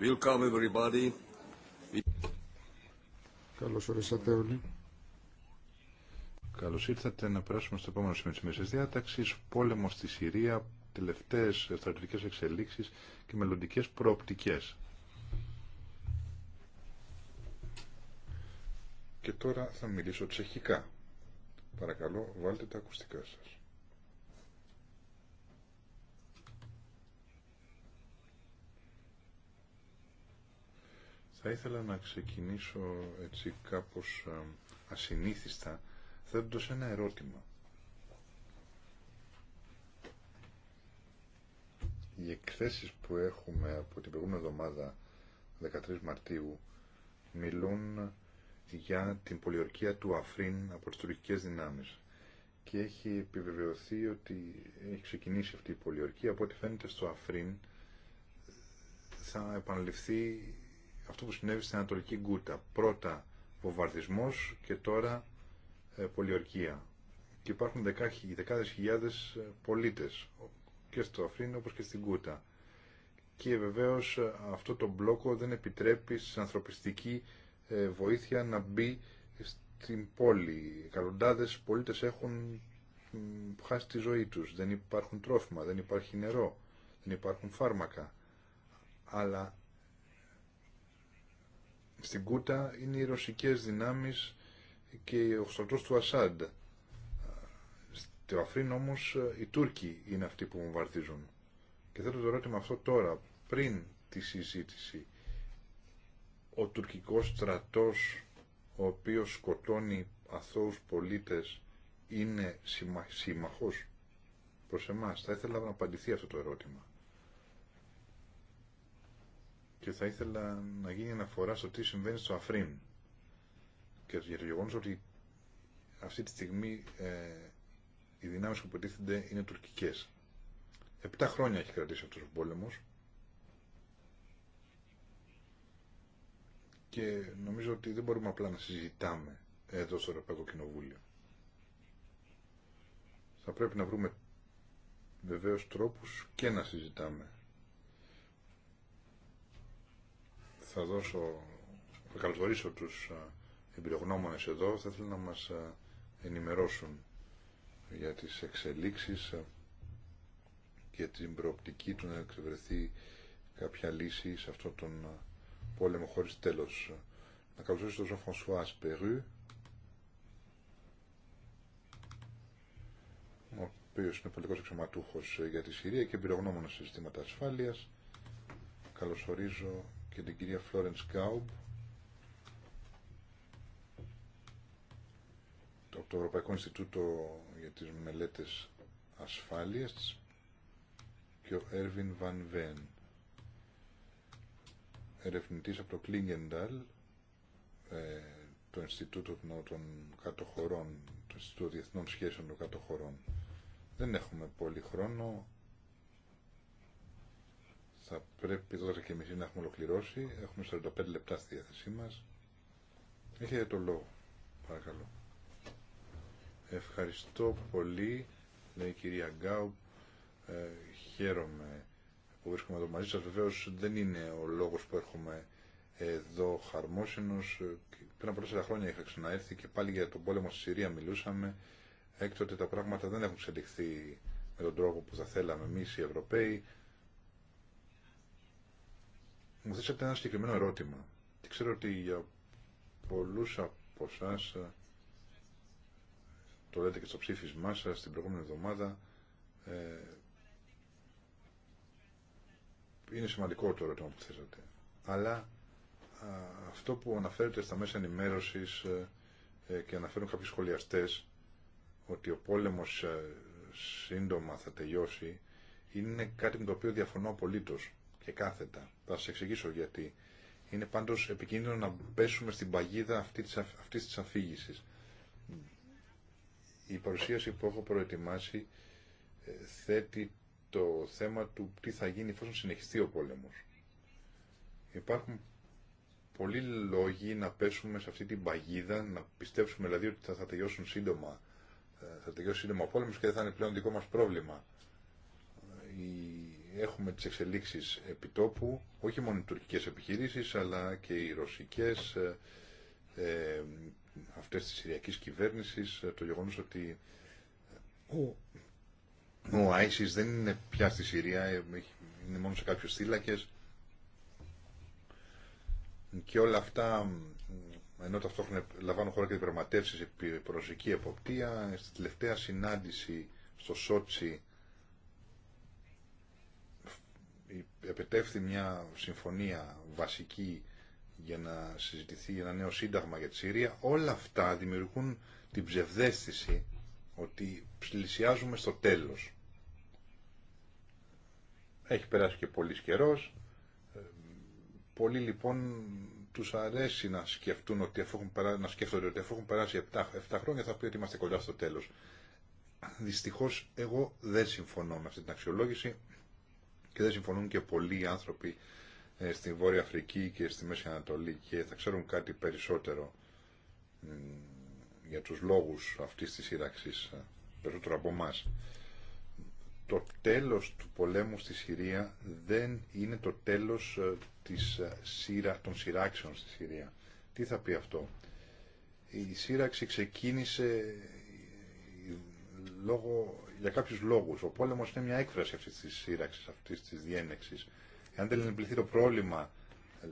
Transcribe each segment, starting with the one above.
Welcome everybody. Καλώς όλοι. Καλώς ήρθατε να περάσουμε στο επόμενο σημείο της Μέσης Διάταξης, πόλεμος στη Συρία, τελευταίες στρατιωτικές εξελίξεις και μελλοντικές προοπτικές. Και τώρα θα μιλήσω τσεχικά. Παρακαλώ, βάλτε τα ακουστικά σας. Θα ήθελα να ξεκινήσω έτσι κάπως ε, ασυνήθιστα θέτοντας ένα ερώτημα. Οι εκθέσεις που έχουμε από την προηγούμενη εβδομάδα 13 Μαρτίου μιλούν για την πολιορκία του Αφρίν από τις τουρκικές δυνάμεις και έχει επιβεβαιωθεί ότι έχει ξεκινήσει αυτή η πολιορκία από ό,τι φαίνεται στο Αφρίν θα επαναληφθεί αυτό που συνέβη στην Ανατολική Γκούτα. Πρώτα βομβαρδισμός και τώρα ε, πολιορκία. Και υπάρχουν δεκάδες χιλιάδες ε, πολίτες και στο Αφρίν όπως και στην Γκούτα. Και βεβαίως ε, αυτό το μπλόκο δεν επιτρέπει στην ανθρωπιστική βοήθεια να μπει στην πόλη. Εκατοντάδες πολίτες έχουν χάσει τη ζωή τους. Δεν υπάρχουν τρόφιμα, δεν υπάρχει νερό, δεν υπάρχουν φάρμακα. Αλλά στην Κούτα είναι οι ρωσικές δυνάμεις και ο στρατός του Ασάντ. Στο Αφρίν όμως ε, οι Τούρκοι είναι αυτοί που βαρτίζουν Και θέλω το ερώτημα αυτό τώρα, πριν τη συζήτηση. Ο τουρκικός στρατός, ο οποίος σκοτώνει αθώους πολίτες, είναι σύμμαχος προς εμάς. Θα ήθελα να απαντηθεί αυτό το ερώτημα και θα ήθελα να γίνει αναφορά στο τι συμβαίνει στο Αφρίν και για το γεγονό ότι αυτή τη στιγμή ε, οι δυνάμεις που υποτίθενται είναι τουρκικές. Επτά χρόνια έχει κρατήσει αυτός ο πόλεμος και νομίζω ότι δεν μπορούμε απλά να συζητάμε εδώ στο Ευρωπαϊκό Κοινοβούλιο. Θα πρέπει να βρούμε βεβαίως τρόπους και να συζητάμε θα δώσω, θα καλωσορίσω τους εμπειρογνώμονες εδώ, θα ήθελα να μας ενημερώσουν για τις εξελίξεις και την προοπτική του να εξευρεθεί κάποια λύση σε αυτόν τον πόλεμο χωρίς τέλος. Να καλωσορίσω τον Jean-François ο οποίος είναι πολιτικός εξωματούχος για τη Συρία και εμπειρογνώμονας σε ζητήματα ασφάλειας. Καλωσορίζω και την κυρία Φλόρενς Κάουμπ από το Ευρωπαϊκό Ινστιτούτο για τις Μελέτες Ασφάλειας και ο Έρβιν Βαν Βέν ερευνητής από το Κλίνγκενταλ ε, το Ινστιτούτο των Κατοχωρών το Ινστιτούτο Διεθνών Σχέσεων των Κατοχωρών δεν έχουμε πολύ χρόνο θα πρέπει 12 και μισή να έχουμε ολοκληρώσει. Έχουμε 45 λεπτά στη διάθεσή μας. Έχετε το λόγο, παρακαλώ. Ευχαριστώ πολύ, λέει η κυρία Γκάου. Ε, χαίρομαι που βρίσκομαι εδώ μαζί σας. Βεβαίως δεν είναι ο λόγος που έρχομαι εδώ χαρμόσυνος. Ε, πριν από τέσσερα χρόνια είχα ξαναέρθει και πάλι για τον πόλεμο στη Συρία μιλούσαμε. Έκτοτε τα πράγματα δεν έχουν εξελιχθεί με τον τρόπο που θα θέλαμε εμείς οι Ευρωπαίοι μου θέσατε ένα συγκεκριμένο ερώτημα. Και ξέρω ότι για πολλούς από εσά ε, το λέτε και στο ψήφισμά σα την προηγούμενη εβδομάδα, ε, είναι σημαντικό το ερώτημα που θέσατε. Αλλά αυτό που αναφέρεται στα μέσα ενημέρωσης ε, ε, και αναφέρουν κάποιοι σχολιαστές, ότι ο πόλεμος σύντομα θα τελειώσει, είναι κάτι με το οποίο διαφωνώ απολύτως και κάθετα. Θα σα εξηγήσω γιατί. Είναι πάντω επικίνδυνο να πέσουμε στην παγίδα αυτή τη αυτής Η παρουσίαση που έχω προετοιμάσει ε, θέτει το θέμα του τι θα γίνει εφόσον συνεχιστεί ο πόλεμος. Υπάρχουν πολλοί λόγοι να πέσουμε σε αυτή την παγίδα, να πιστέψουμε δηλαδή ότι θα, θα τελειώσουν σύντομα, ε, θα τελειώσει σύντομα ο πόλεμος και δεν θα είναι πλέον δικό μας πρόβλημα. Η έχουμε τις εξελίξεις επιτόπου, όχι μόνο οι τουρκικές επιχειρήσεις, αλλά και οι ρωσικές, ε, ε, αυτές της Συριακής κυβέρνησης, το γεγονός ότι ο, ο ISIS δεν είναι πια στη Συρία, ε, είναι μόνο σε κάποιους θύλακες και όλα αυτά ενώ ταυτόχρονα λαμβάνουν χώρα και διπραγματεύσεις επί ρωσική εποπτεία, στη τελευταία συνάντηση στο Σότσι επετεύθη μια συμφωνία βασική για να συζητηθεί ένα νέο σύνταγμα για τη Συρία, όλα αυτά δημιουργούν την ψευδέστηση ότι πλησιάζουμε στο τέλος. Έχει περάσει και πολύ καιρό. Ε, πολλοί λοιπόν τους αρέσει να, σκεφτούν ότι αφού έχουν περάσει, να σκέφτονται ότι αφού έχουν περάσει 7, 7 χρόνια θα πει ότι είμαστε κοντά στο τέλος. Δυστυχώς εγώ δεν συμφωνώ με αυτή την αξιολόγηση και δεν συμφωνούν και πολλοί άνθρωποι ε, στη Βόρεια Αφρική και στη Μέση Ανατολή και θα ξέρουν κάτι περισσότερο για τους λόγους αυτής της σύραξης ε, περισσότερο από εμά. Το τέλος του πολέμου στη Συρία δεν είναι το τέλος ε, της, των σειράξεων στη Συρία. Τι θα πει αυτό. Η σύραξη ξεκίνησε λόγω, για κάποιους λόγους. Ο πόλεμος είναι μια έκφραση αυτής της σύραξης, αυτής της διένεξης. αν δεν εμπληθεί το πρόβλημα, ε,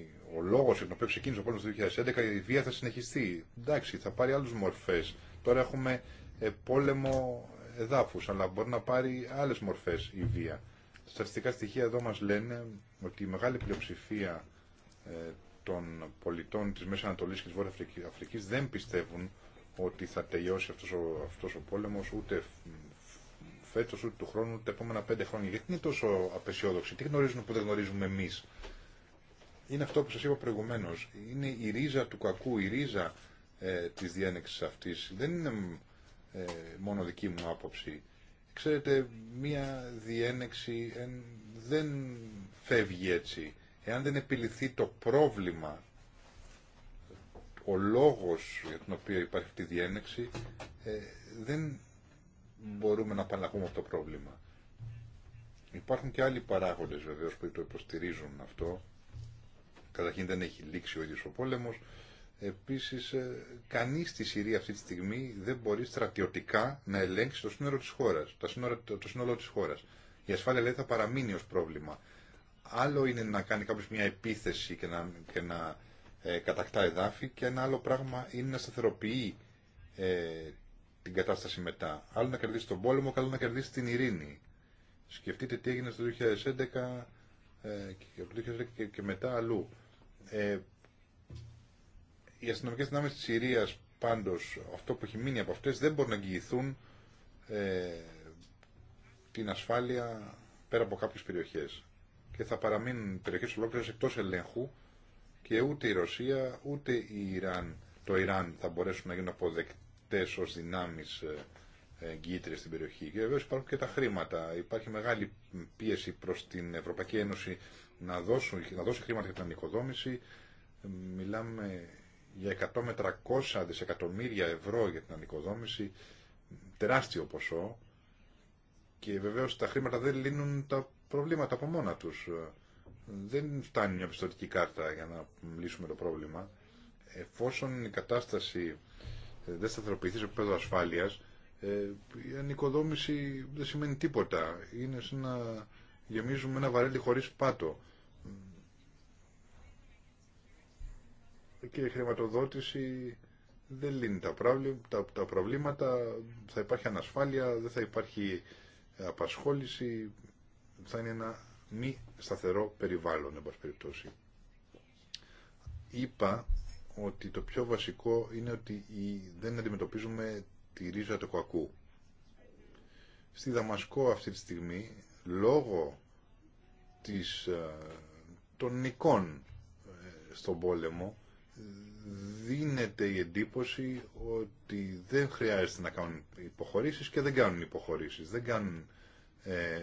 ε, ο λόγος για τον οποίο ξεκίνησε ο πόλεμος το 2011, η βία θα συνεχιστεί. Εντάξει, θα πάρει άλλους μορφές. Τώρα έχουμε ε, πόλεμο εδάφους, αλλά μπορεί να πάρει άλλες μορφές η βία. Στατιστικά στοιχεία εδώ μας λένε ότι η μεγάλη πλειοψηφία των πολιτών της Μέσης Ανατολής και της Βόρειας Αφρικής δεν πιστεύουν ότι θα τελειώσει αυτός ο, αυτός ο πόλεμος ούτε φέτος ούτε του χρόνου ούτε τα επόμενα πέντε χρόνια. Γιατί είναι τόσο απεσιόδοξοι, τι γνωρίζουν που δεν γνωρίζουμε εμείς. Είναι αυτό που σας είπα προηγουμένως. Είναι η ρίζα του κακού, η ρίζα ε, της διένεξης αυτής. Δεν είναι ε, μόνο δική μου άποψη. Ξέρετε, μία διένεξη δεν φεύγει έτσι. Εάν δεν επιληθεί το πρόβλημα ο λόγος για τον οποίο υπάρχει αυτή η διένεξη ε, δεν μπορούμε να απαλλαγούμε από το πρόβλημα. Υπάρχουν και άλλοι παράγοντες βεβαίως που το υποστηρίζουν αυτό. Καταρχήν δεν έχει λήξει ο ίδιος ο πόλεμος. Επίσης, ε, κανείς στη Συρία αυτή τη στιγμή δεν μπορεί στρατιωτικά να ελέγξει το σύνολο της χώρας. Το σύνολο, το σύνολο της χώρας. Η ασφάλεια λέει θα παραμείνει ως πρόβλημα. Άλλο είναι να κάνει κάποιος μια επίθεση να, και να ε, κατακτά εδάφη και ένα άλλο πράγμα είναι να σταθεροποιεί ε, την κατάσταση μετά. Άλλο να κερδίσει τον πόλεμο, άλλο να κερδίσει την ειρήνη. Σκεφτείτε τι έγινε στο 2011 ε, και, και, και μετά αλλού. Ε, οι αστυνομικέ δυνάμει τη Συρίας πάντως, αυτό που έχει μείνει από αυτέ, δεν μπορούν να εγγυηθούν ε, την ασφάλεια πέρα από κάποιε περιοχέ Και θα παραμείνουν περιοχέ ολόκληρε εκτό ελέγχου και ούτε η Ρωσία ούτε η Ιράν, το Ιράν θα μπορέσουν να γίνουν αποδεκτές ως δυνάμεις ε, εγγύητρες στην περιοχή. Και βέβαια υπάρχουν και τα χρήματα. Υπάρχει μεγάλη πίεση προς την Ευρωπαϊκή Ένωση να, δώσουν, να δώσει χρήματα για την ανοικοδόμηση. Μιλάμε για 100 με 300 δισεκατομμύρια ευρώ για την ανοικοδόμηση. Τεράστιο ποσό. Και βεβαίως τα χρήματα δεν λύνουν τα προβλήματα από μόνα τους δεν φτάνει μια πιστοτική κάρτα για να λύσουμε το πρόβλημα. Εφόσον η κατάσταση ε, δεν σταθεροποιηθεί σε επίπεδο ασφάλεια, ε, η ανοικοδόμηση δεν σημαίνει τίποτα. Είναι σαν να γεμίζουμε ένα βαρέλι χωρί πάτο. Και η χρηματοδότηση δεν λύνει τα, προβλήματα. Θα υπάρχει ανασφάλεια, δεν θα υπάρχει απασχόληση. Θα είναι ένα μη σταθερό περιβάλλον, εν περιπτώσει. Είπα ότι το πιο βασικό είναι ότι δεν αντιμετωπίζουμε τη ρίζα του κακού. Στη Δαμασκό αυτή τη στιγμή, λόγω της, ε, των νικών ε, στον πόλεμο, δίνεται η εντύπωση ότι δεν χρειάζεται να κάνουν υποχωρήσεις και δεν κάνουν υποχωρήσεις, δεν κάνουν ε,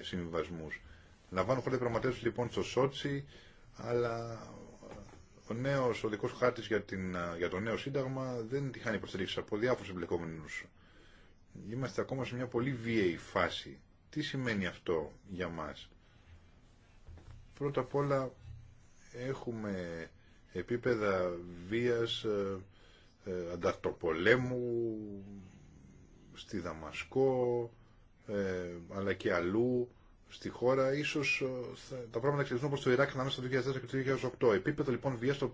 Λαμβάνω χώρα διαπραγματεύσει λοιπόν στο Σότσι, αλλά ο νέο οδικό χάρτη για, για το νέο Σύνταγμα δεν τη χάνει υποστηρίξει από διάφορου εμπλεκόμενου. Είμαστε ακόμα σε μια πολύ βίαιη φάση. Τι σημαίνει αυτό για μα, Πρώτα απ' όλα έχουμε επίπεδα βίας ε, ε, ανταρτοπολέμου στη Δαμασκό ε, αλλά και αλλού στη χώρα, ίσω ε, τα πράγματα εξελιχθούν όπω το Ιράκ να στο 2004 και το 2008. Επίπεδο λοιπόν βία το,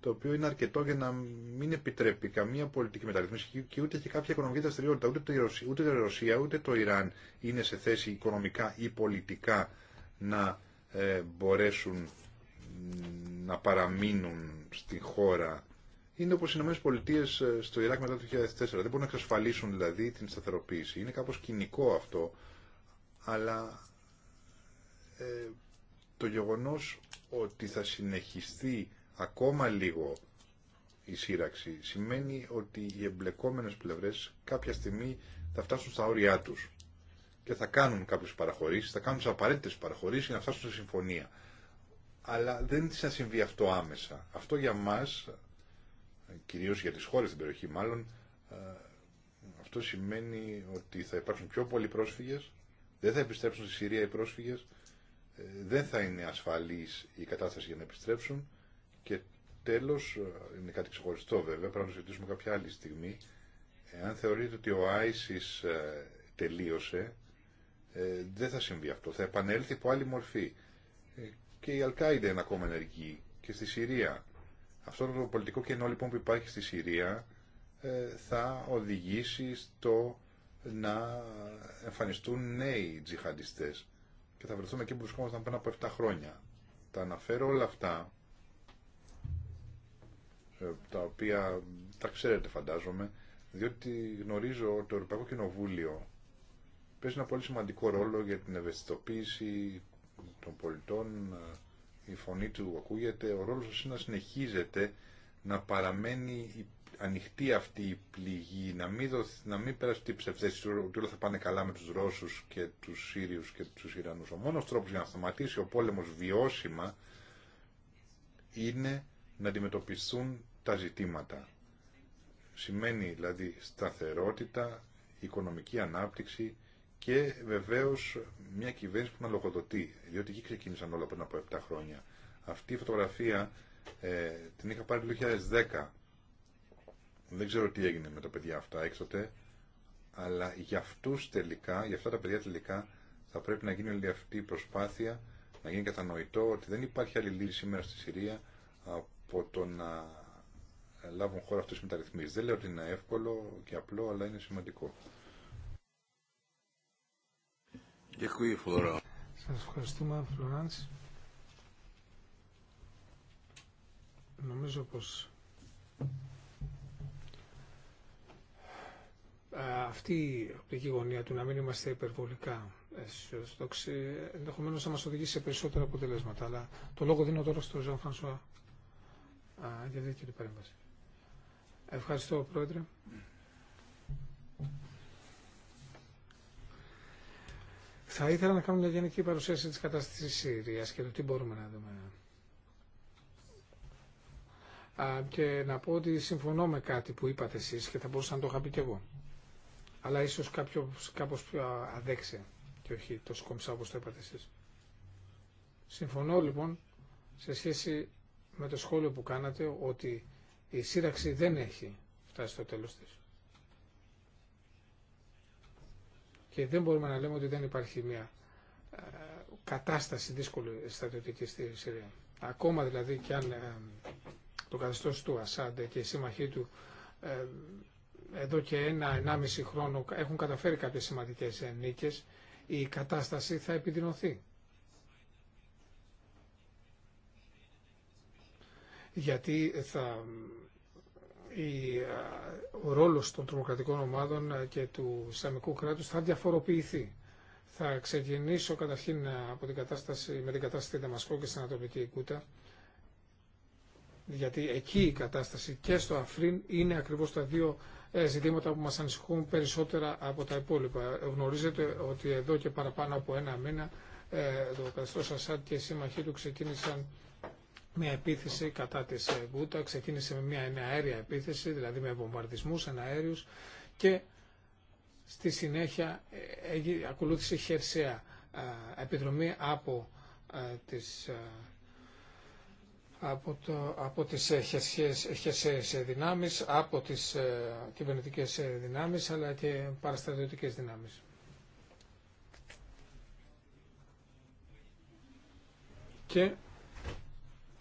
το οποίο είναι αρκετό για να μην επιτρέπει καμία πολιτική μεταρρύθμιση και ούτε και κάποια οικονομική δραστηριότητα. Ούτε, ούτε η Ρωσία ούτε το Ιράν είναι σε θέση οικονομικά ή πολιτικά να ε, μπορέσουν να παραμείνουν στη χώρα. Είναι όπω οι Ηνωμένες Πολιτείες ε, στο Ιράκ μετά το 2004. Δεν μπορούν να εξασφαλίσουν δηλαδή την σταθεροποίηση. Είναι κάπως κοινικό αυτό αλλά ε, το γεγονός ότι θα συνεχιστεί ακόμα λίγο η σύραξη σημαίνει ότι οι εμπλεκόμενες πλευρές κάποια στιγμή θα φτάσουν στα όρια τους και θα κάνουν κάποιες παραχωρήσεις, θα κάνουν τις απαραίτητες παραχωρήσεις για να φτάσουν σε συμφωνία. Αλλά δεν θα συμβεί αυτό άμεσα. Αυτό για μας, κυρίως για τις χώρες στην περιοχή μάλλον, ε, αυτό σημαίνει ότι θα υπάρξουν πιο πολλοί πρόσφυγες, δεν θα επιστρέψουν στη Συρία οι πρόσφυγες, ε, δεν θα είναι ασφαλής η κατάσταση για να επιστρέψουν και τέλος, ε, είναι κάτι ξεχωριστό βέβαια, πρέπει να το συζητήσουμε κάποια άλλη στιγμή, αν θεωρείτε ότι ο Άισις ε, τελείωσε, δεν θα συμβεί αυτό, θα επανέλθει από άλλη μορφή. Και η Αλκάιντα είναι ακόμα ενεργή και στη Συρία. Αυτό το πολιτικό κενό λοιπόν που υπάρχει στη Συρία θα οδηγήσει στο να εμφανιστούν νέοι τζιχαντιστές και θα βρεθούμε εκεί που βρισκόμασταν πριν από 7 χρόνια. Τα αναφέρω όλα αυτά, ε, τα οποία τα ξέρετε φαντάζομαι, διότι γνωρίζω ότι το Ευρωπαϊκό Κοινοβούλιο παίζει ένα πολύ σημαντικό ρόλο για την ευαισθητοποίηση των πολιτών, ε, η φωνή του ακούγεται, ο ρόλος σας να συνεχίζεται να παραμένει ανοιχτή αυτή η πληγή, να μην, δοθ, να μην περάσει ότι όλα θα πάνε καλά με τους Ρώσους και τους Σύριους και τους Ιρανούς. Ο μόνος τρόπος για να σταματήσει ο πόλεμος βιώσιμα είναι να αντιμετωπιστούν τα ζητήματα. Σημαίνει δηλαδή σταθερότητα, οικονομική ανάπτυξη και βεβαίως μια κυβέρνηση που να λογοδοτεί, διότι εκεί ξεκίνησαν όλα πριν από 7 χρόνια. Αυτή η φωτογραφία ε, την είχα πάρει το 2010. Δεν ξέρω τι έγινε με τα παιδιά αυτά έξωτε, αλλά για αυτούς τελικά, για αυτά τα παιδιά τελικά, θα πρέπει να γίνει όλη αυτή η προσπάθεια, να γίνει κατανοητό ότι δεν υπάρχει άλλη λύση σήμερα στη Συρία από το να λάβουν χώρα αυτές οι μεταρρυθμίσεις. Δεν λέω ότι είναι εύκολο και απλό, αλλά είναι σημαντικό. Σα ευχαριστούμε, Νομίζω πως ε, αυτή η οπτική γωνία του να μην είμαστε υπερβολικά αισιοδοξοί ενδεχομένως θα μας οδηγήσει σε περισσότερα αποτελέσματα. Αλλά το λόγο δίνω τώρα στον Ζαν Φρανσουά ε, για την παρέμβαση. Ευχαριστώ, Πρόεδρε. Θα ήθελα να κάνω μια γενική παρουσίαση της κατάστασης της Συρίας και το τι μπορούμε να δούμε και να πω ότι συμφωνώ με κάτι που είπατε εσείς και θα μπορούσα να το είχα πει και εγώ. Αλλά ίσως κάποιος, κάπως πιο αδέξε και όχι τόσο κομψά όπως το είπατε εσείς. Συμφωνώ λοιπόν σε σχέση με το σχόλιο που κάνατε ότι η σύραξη δεν έχει φτάσει στο τέλος της. Και δεν μπορούμε να λέμε ότι δεν υπάρχει μια κατάσταση δύσκολη στρατιωτική στη Συρία. Ακόμα δηλαδή και αν ε, το καθεστώ του Ασάντε και οι σύμμαχοί του ε, εδώ και ένα, ενάμιση χρόνο έχουν καταφέρει κάποιες σημαντικές νίκες, η κατάσταση θα επιδεινωθεί. Γιατί θα, η, ε, ο ρόλος των τρομοκρατικών ομάδων ε, και του Ισλαμικού κράτους θα διαφοροποιηθεί. Θα ξεκινήσω καταρχήν από την κατάσταση, με την κατάσταση στη Δαμασκό και στην Ανατολική Κούτα γιατί εκεί η κατάσταση και στο Αφρίν είναι ακριβώς τα δύο ε, ζητήματα που μας ανησυχούν περισσότερα από τα υπόλοιπα. Γνωρίζετε ότι εδώ και παραπάνω από ένα μήνα ε, το καθεστώς Ασάτ και οι σύμμαχοί του ξεκίνησαν μια επίθεση κατά της Βούτα, ε, ξεκίνησε με μια αερια επίθεση, δηλαδή με βομβαρδισμούς εναέριους και στη συνέχεια ακολούθησε χερσαία επιδρομή από τις από, το, από τις ε, χερσαίες ε, δυνάμεις, από τις ε, κυβερνητικές δυνάμεις, αλλά και παραστρατιωτικές δυνάμεις. Και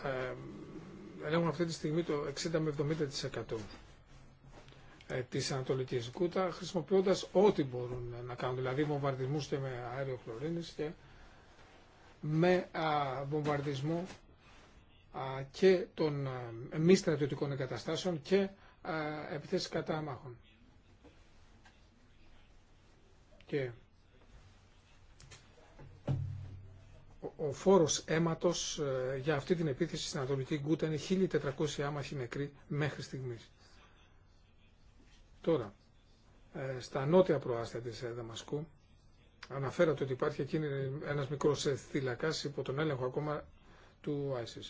ε, ελέγχουν αυτή τη στιγμή το 60 με 70% της Ανατολικής Κούτα, χρησιμοποιώντας ό,τι μπορούν να κάνουν, δηλαδή βομβαρδισμούς και με αέριο χλωρίνης και με α, βομβαρδισμό και των μη στρατιωτικών εγκαταστάσεων και επιθέσεις κατά αμάχων. ο φόρος αίματος ε, για αυτή την επίθεση στην Ανατολική Γκούτα είναι 1.400 άμαχοι νεκροί μέχρι στιγμής. Τώρα, ε, στα νότια προάστια της ε, Δαμασκού, αναφέρατε ότι υπάρχει εκείνη ένας μικρός θύλακας υπό τον έλεγχο ακόμα του ISIS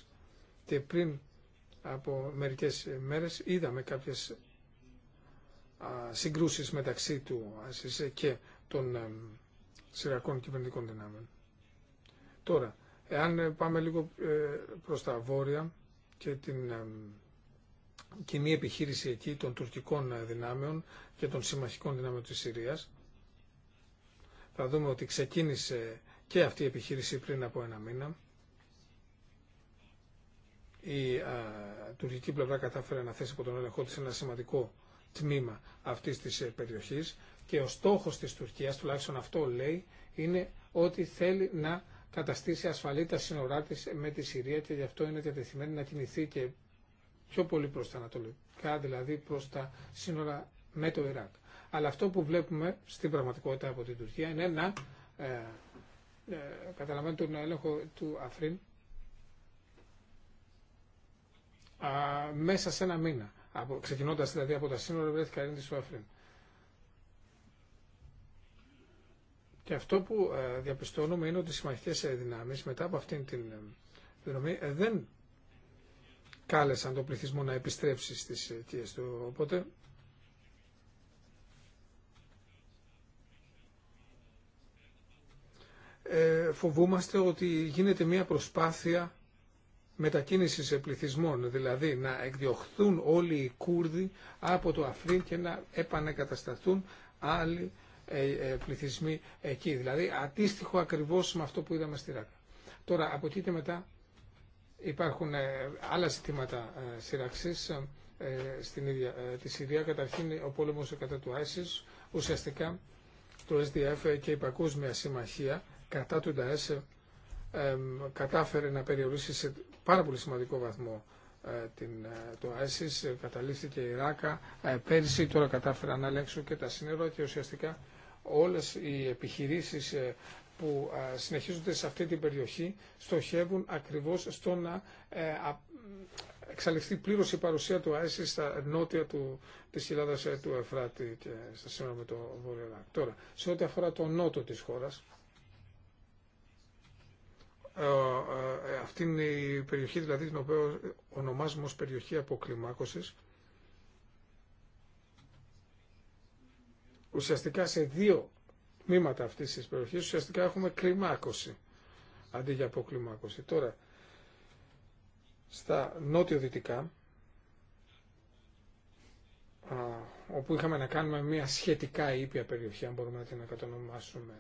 και πριν από μερικές μέρες είδαμε κάποιες συγκρούσεις μεταξύ του ΑΣΥΣΕ και των ε, Συριακών Κυβερνητικών Δυνάμεων. Τώρα, εάν πάμε λίγο ε, προς τα βόρεια και την ε, κοινή επιχείρηση εκεί των τουρκικών δυνάμεων και των συμμαχικών δυνάμεων της Συρίας, θα δούμε ότι ξεκίνησε και αυτή η επιχείρηση πριν από ένα μήνα η α, τουρκική πλευρά κατάφερε να θέσει από τον έλεγχό της ένα σημαντικό τμήμα αυτής της ε, περιοχής και ο στόχος της Τουρκίας, τουλάχιστον αυτό λέει, είναι ότι θέλει να καταστήσει ασφαλή τα σύνορά της με τη Συρία και γι' αυτό είναι διατεθειμένη να κινηθεί και πιο πολύ προς τα ανατολικά, δηλαδή προς τα σύνορα με το Ιράκ. Αλλά αυτό που βλέπουμε στην πραγματικότητα από την Τουρκία είναι να ε, ε, καταλαβαίνει τον έλεγχο του Αφρίν μέσα σε ένα μήνα. Από, ξεκινώντας δηλαδή από τα σύνορα βρέθηκα ειρήνη στο Αφρίν. Και αυτό που ε, διαπιστώνουμε είναι ότι οι συμμαχικές ε, δυνάμεις μετά από αυτήν την ε, δρομή δεν κάλεσαν τον πληθυσμό να επιστρέψει στις αιτίες του. Οπότε φοβούμαστε ότι γίνεται μια προσπάθεια μετακίνησης πληθυσμών, δηλαδή να εκδιωχθούν όλοι οι Κούρδοι από το Αφρίν και να επανεκατασταθούν άλλοι ε, ε, πληθυσμοί εκεί. Δηλαδή αντίστοιχο ακριβώς με αυτό που είδαμε στη Ράκα. Τώρα από εκεί και μετά υπάρχουν ε, άλλα ζητήματα σειράξης στην ίδια τη Συρία. Καταρχήν ο πόλεμος κατά του ISIS, ουσιαστικά το SDF και η Παγκόσμια Συμμαχία κατά του ΝΤΑΕΣ κατάφερε να περιορίσει σε πάρα πολύ σημαντικό βαθμό ε, την, ε, το ISIS, ε, καταλήφθηκε η Ράκα πέρυσι, τώρα κατάφερα να ελέγξουν και τα σύνορα και ουσιαστικά όλες οι επιχειρήσεις που συνεχίζονται σε αυτή την περιοχή στοχεύουν ακριβώς στο να εξαλειφθεί πλήρως η παρουσία του ISIS στα νότια του, της χιλάδας του Εφράτη και στα σύνορα με το Βόρειο Τώρα, σε ό,τι αφορά το νότο της χώρας, ε, ε, ε, αυτή είναι η περιοχή δηλαδή την οποία ονομάζουμε ως περιοχή αποκλιμάκωσης ουσιαστικά σε δύο τμήματα αυτής της περιοχής ουσιαστικά έχουμε κλιμάκωση αντί για αποκλιμάκωση. Τώρα, στα νότιο-δυτικά, όπου είχαμε να κάνουμε μια σχετικά ήπια περιοχή, αν μπορούμε να την κατονομάσουμε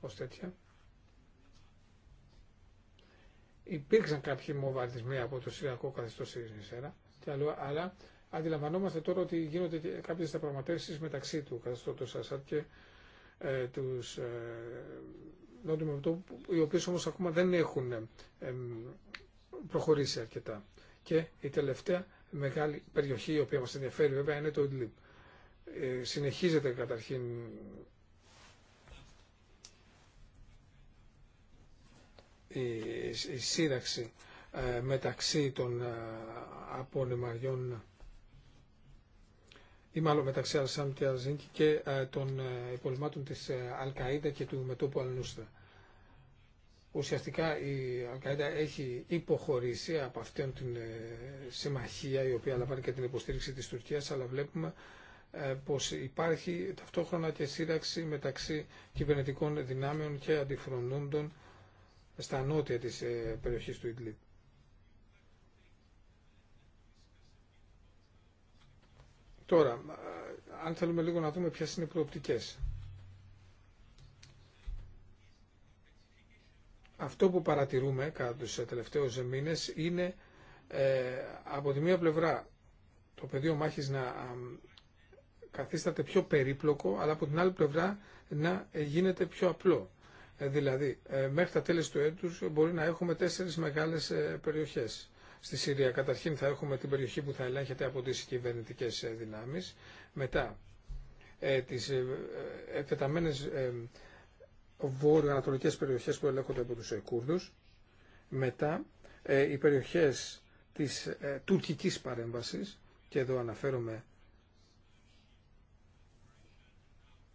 ως τέτοια, υπήρξαν κάποιοι μοβαρδισμοί από το Συριακό καθεστώ τη. αλλά αντιλαμβανόμαστε τώρα ότι γίνονται κάποιε διαπραγματεύσει μεταξύ του καθεστώτο Ασάτ και ε, του ε, οι οποίε όμω ακόμα δεν έχουν προχωρήσει αρκετά. Και η τελευταία μεγάλη περιοχή η οποία μα ενδιαφέρει βέβαια είναι το Ιντλίπ. Ε, συνεχίζεται καταρχήν η σύραξη ε, μεταξύ των ε, απονεμαριών ή μάλλον μεταξύ Αλσάμ και Αλζίνκη και ε, των υπολοιμάτων της Αλκαΐδα και του μετώπου Αλνούστρα. Ουσιαστικά η Αλκαΐδα έχει υποχωρήσει από αυτήν την συμμαχία η οποία λαμβάνει και την υποστήριξη της Τουρκίας αλλά βλέπουμε πως υπάρχει ταυτόχρονα και σύραξη μεταξύ κυβερνητικών δυνάμεων και αντιφρονούντων στα νότια της ε, περιοχής του Ιντλίπ. Τώρα, αν θέλουμε λίγο να δούμε ποιες είναι οι προοπτικές. Αυτό που παρατηρούμε κατά τους ε, τελευταίους ε, μήνες είναι από τη μία πλευρά το πεδίο μάχης να καθίσταται πιο περίπλοκο, αλλά από την άλλη πλευρά να γίνεται πιο απλό. Ε, δηλαδή, ε, μέχρι τα τέλη του έτους μπορεί να έχουμε τέσσερις μεγάλες ε, περιοχές στη Συρία. Καταρχήν θα έχουμε την περιοχή που θα ελέγχεται από τις κυβερνητικές δυνάμεις. Μετά, ε, τις εκτεταμένες ε, βορειο περιοχές που ελέγχονται από τους Κούρδους. Μετά, οι περιοχές της ε, τουρκικής παρέμβασης, και εδώ αναφέρομαι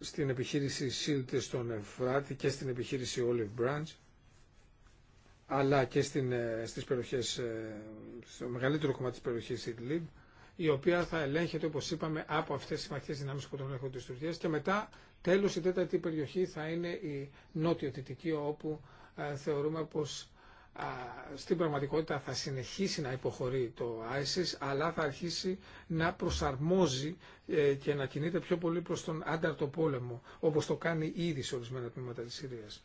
στην επιχείρηση Shield στον Ευφράτη και στην επιχείρηση Olive Branch αλλά και στην, ε, στις περιοχές, ε, στο μεγαλύτερο κομμάτι της περιοχής Idlib η οποία θα ελέγχεται όπως είπαμε από αυτές τις συμμαχιές δυνάμεις που τον έχουν της Τουρκίας και μετά τέλος η τέταρτη περιοχή θα είναι η νότιο-δυτική όπου ε, θεωρούμε πως στην πραγματικότητα θα συνεχίσει να υποχωρεί το ISIS αλλά θα αρχίσει να προσαρμόζει ε, και να κινείται πιο πολύ προς τον άνταρτο πόλεμο όπως το κάνει ήδη σε ορισμένα τμήματα της Συρίας.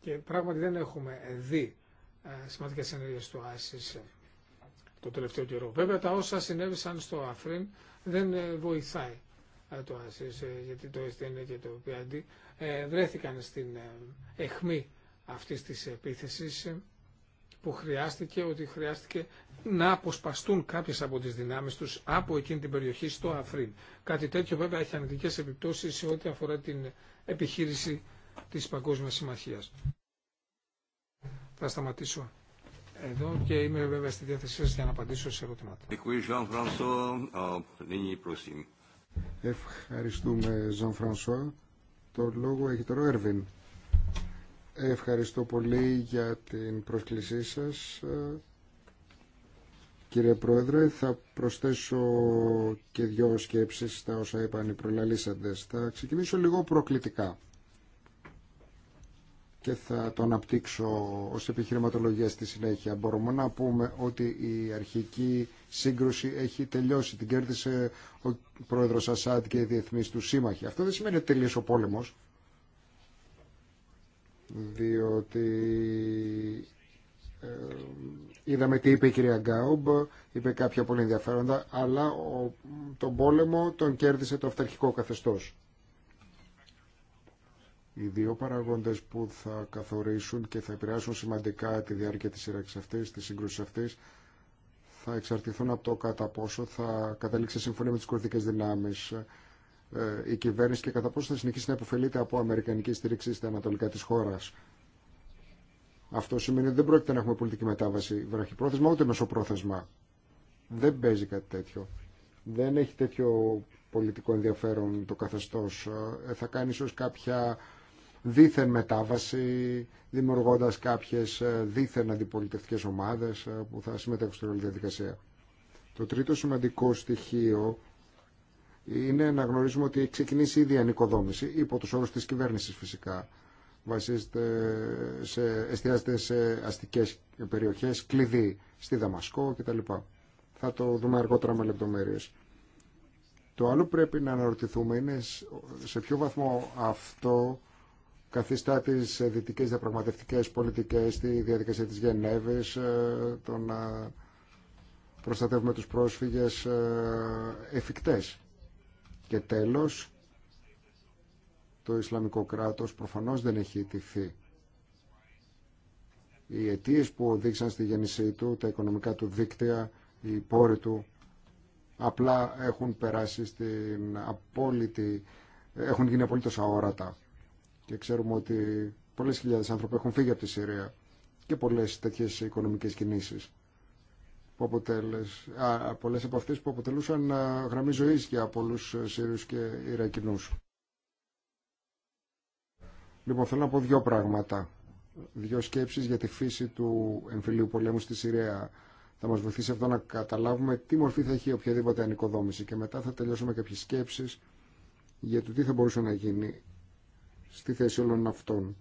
Και πράγματι δεν έχουμε δει ε, σημαντικές ενέργειες του ISIS ε, το τελευταίο καιρό. Βέβαια τα όσα συνέβησαν στο Αφρίν δεν βοηθάει το ασες ε, γιατί το ΕΣΤΕΝΕ και το PID ε, βρέθηκαν στην εχμή αυτής της επίθεσης ε, που χρειάστηκε ότι χρειάστηκε να αποσπαστούν κάποιες από τις δυνάμεις τους από εκείνη την περιοχή στο Αφρίν. Κάτι τέτοιο βέβαια έχει αρνητικές επιπτώσεις σε ό,τι αφορά την επιχείρηση της Παγκόσμιας Συμμαχίας. Θα σταματήσω εδώ και είμαι βέβαια στη διάθεσή σας για να απαντήσω σε ερωτήματα. Ευχαριστούμε, Ζαν Φρανσουά. Το λόγο έχει τώρα ο Έρβιν. Ευχαριστώ πολύ για την πρόσκλησή σας. Κύριε Πρόεδρε, θα προσθέσω και δυο σκέψεις στα όσα είπαν οι προλαλήσαντες. Θα ξεκινήσω λίγο προκλητικά και θα το αναπτύξω ως επιχειρηματολογία στη συνέχεια. Μπορούμε να πούμε ότι η αρχική σύγκρουση έχει τελειώσει. Την κέρδισε ο πρόεδρος Ασάντ και οι διεθνείς του σύμμαχοι. Αυτό δεν σημαίνει ότι τελείωσε ο πόλεμος. Διότι ε, είδαμε τι είπε η κυρία Γκάουμπ, είπε κάποια πολύ ενδιαφέροντα, αλλά ο, τον πόλεμο τον κέρδισε το αυταρχικό καθεστώς. Οι δύο παραγόντες που θα καθορίσουν και θα επηρεάσουν σημαντικά τη διάρκεια της σύραξης αυτής, της σύγκρουσης αυτής, θα εξαρτηθούν από το κατά πόσο θα καταλήξει συμφωνία με τις κουρδικές δυνάμεις ε, η κυβέρνηση και κατά πόσο θα συνεχίσει να υποφελείται από αμερικανική στήριξη στα ανατολικά της χώρας. Αυτό σημαίνει ότι δεν πρόκειται να έχουμε πολιτική μετάβαση βραχυπρόθεσμα ούτε μεσοπρόθεσμα. Δεν παίζει κάτι τέτοιο. Δεν έχει τέτοιο πολιτικό ενδιαφέρον το καθεστώς. Ε, θα κάνει ίσως κάποια δίθεν μετάβαση, δημιουργώντας κάποιες ε, δίθεν αντιπολιτευτικές ομάδες ε, που θα συμμετέχουν στην όλη διαδικασία. Το τρίτο σημαντικό στοιχείο είναι να γνωρίζουμε ότι έχει ξεκινήσει ήδη η ανοικοδόμηση, υπό τους όρους της κυβέρνησης φυσικά. Βασίζεται σε, εστιάζεται σε αστικές περιοχές, κλειδί στη Δαμασκό κτλ. Θα το δούμε αργότερα με λεπτομέρειες. Το άλλο πρέπει να αναρωτηθούμε είναι σε ποιο βαθμό αυτό καθιστά τι δυτικέ διαπραγματευτικέ πολιτικέ στη διαδικασία της Γενέβη, ε, το να προστατεύουμε τους πρόσφυγες ε, εφικτές. Και τέλος, το Ισλαμικό κράτος προφανώς δεν έχει ιτηθεί. Οι αιτίε που οδήγησαν στη γέννησή του, τα οικονομικά του δίκτυα, οι πόροι του, απλά έχουν περάσει στην απόλυτη, έχουν γίνει απολύτως αόρατα. Και ξέρουμε ότι πολλές χιλιάδες άνθρωποι έχουν φύγει από τη Συρία και πολλές τέτοιες οικονομικές κινήσεις. πολλέ πολλές από αυτές που αποτελούσαν γραμμή ζωής για πολλούς ε, Σύριους και Ιρακινούς. Λοιπόν, θέλω να πω δύο πράγματα. Δύο σκέψεις για τη φύση του εμφυλίου πολέμου στη Συρία. Θα μας βοηθήσει αυτό να καταλάβουμε τι μορφή θα έχει οποιαδήποτε ανοικοδόμηση. Και μετά θα τελειώσουμε κάποιες σκέψεις για το τι θα μπορούσε να γίνει στη θέση όλων αυτών.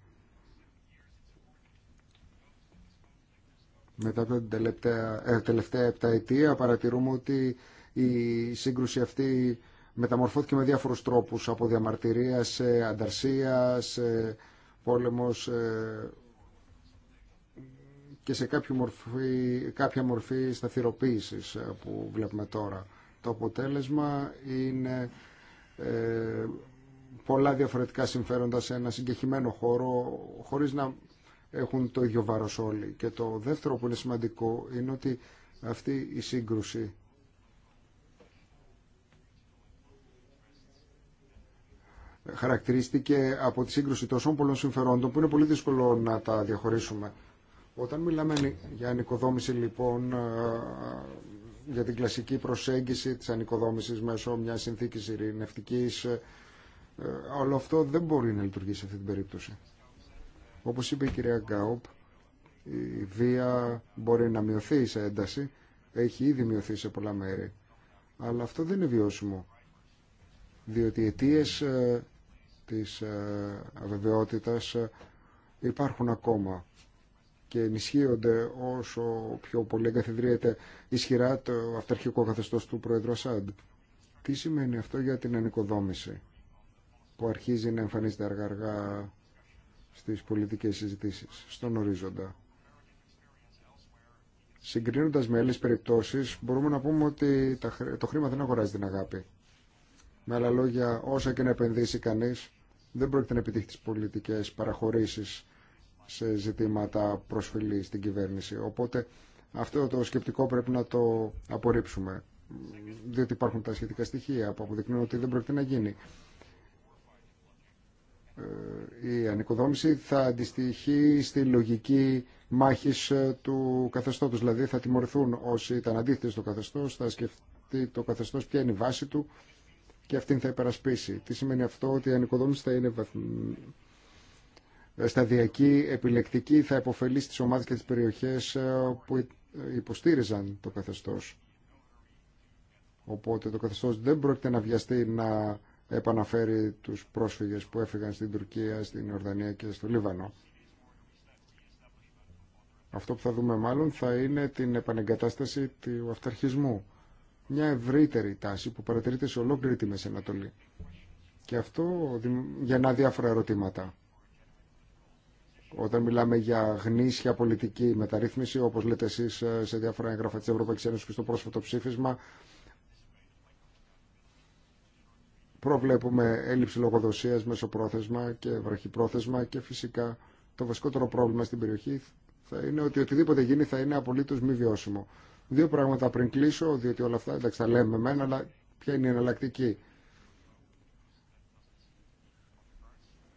Μετά από την τελευταία, ε, τελευταία επταετία παρατηρούμε ότι η σύγκρουση αυτή μεταμορφώθηκε με διάφορους τρόπους από διαμαρτυρία σε ανταρσία, σε πόλεμος και σε κάποια μορφή, κάποια μορφή σταθεροποίησης ε, που βλέπουμε τώρα. Το αποτέλεσμα είναι ε, πολλά διαφορετικά συμφέροντα σε ένα συγκεκριμένο χώρο χωρίς να έχουν το ίδιο βάρος όλοι. Και το δεύτερο που είναι σημαντικό είναι ότι αυτή η σύγκρουση χαρακτηρίστηκε από τη σύγκρουση τόσων πολλών συμφερόντων που είναι πολύ δύσκολο να τα διαχωρίσουμε. Όταν μιλάμε για ανοικοδόμηση λοιπόν ε, για την κλασική προσέγγιση της ανοικοδόμησης μέσω μιας συνθήκης ειρηνευτικής ε, ε, όλο αυτό δεν μπορεί να λειτουργήσει σε αυτή την περίπτωση. Όπως είπε η κυρία Γκάουπ, η βία μπορεί να μειωθεί σε ένταση, έχει ήδη μειωθεί σε πολλά μέρη, αλλά αυτό δεν είναι βιώσιμο, διότι οι αιτίες ε, της ε, αβεβαιότητας υπάρχουν ακόμα και ενισχύονται όσο πιο πολύ εγκαθιδρύεται ισχυρά το αυταρχικό καθεστώς του Πρόεδρου Ασάντ. Τι σημαίνει αυτό για την ανοικοδόμηση που αρχίζει να εμφανίζεται αργά-αργά στις πολιτικές συζητήσεις, στον ορίζοντα. Συγκρίνοντας με άλλες περιπτώσεις, μπορούμε να πούμε ότι το χρήμα δεν αγοράζει την αγάπη. Με άλλα λόγια, όσα και να επενδύσει κανείς, δεν πρόκειται να επιτύχει τις πολιτικές παραχωρήσεις σε ζητήματα προσφυλή στην κυβέρνηση. Οπότε αυτό το σκεπτικό πρέπει να το απορρίψουμε, διότι υπάρχουν τα σχετικά στοιχεία που αποδεικνύουν ότι δεν πρόκειται να γίνει η ανικοδόμηση θα αντιστοιχεί στη λογική μάχης ε, του καθεστώτος. Δηλαδή θα τιμωρηθούν όσοι ήταν αντίθετοι στο καθεστώς, θα σκεφτεί το καθεστώς ποια είναι η βάση του και αυτήν θα υπερασπίσει. Τι σημαίνει αυτό, ότι η ανικοδόμηση θα είναι ε, σταδιακή, επιλεκτική, θα υποφελεί τις ομάδες και τις περιοχές ε, που υποστήριζαν το καθεστώ. Οπότε το καθεστώ δεν πρόκειται να βιαστεί να επαναφέρει τους πρόσφυγες που έφυγαν στην Τουρκία, στην Ιορδανία και στο Λίβανο. Αυτό που θα δούμε μάλλον θα είναι την επανεγκατάσταση του αυταρχισμού. Μια ευρύτερη τάση που παρατηρείται σε ολόκληρη τη Μέση Και αυτό γεννά διάφορα ερωτήματα. Όταν μιλάμε για γνήσια πολιτική μεταρρύθμιση, όπως λέτε εσείς ε, σε διάφορα έγγραφα της Ευρωπαϊκής Ένωσης και στο πρόσφατο ψήφισμα, προβλέπουμε έλλειψη λογοδοσίας μεσοπρόθεσμα και βραχυπρόθεσμα και φυσικά το βασικότερο πρόβλημα στην περιοχή θα είναι ότι οτιδήποτε γίνει θα είναι απολύτως μη βιώσιμο. Δύο πράγματα πριν κλείσω, διότι όλα αυτά εντάξει τα λέμε εμένα, αλλά ποια είναι η εναλλακτική.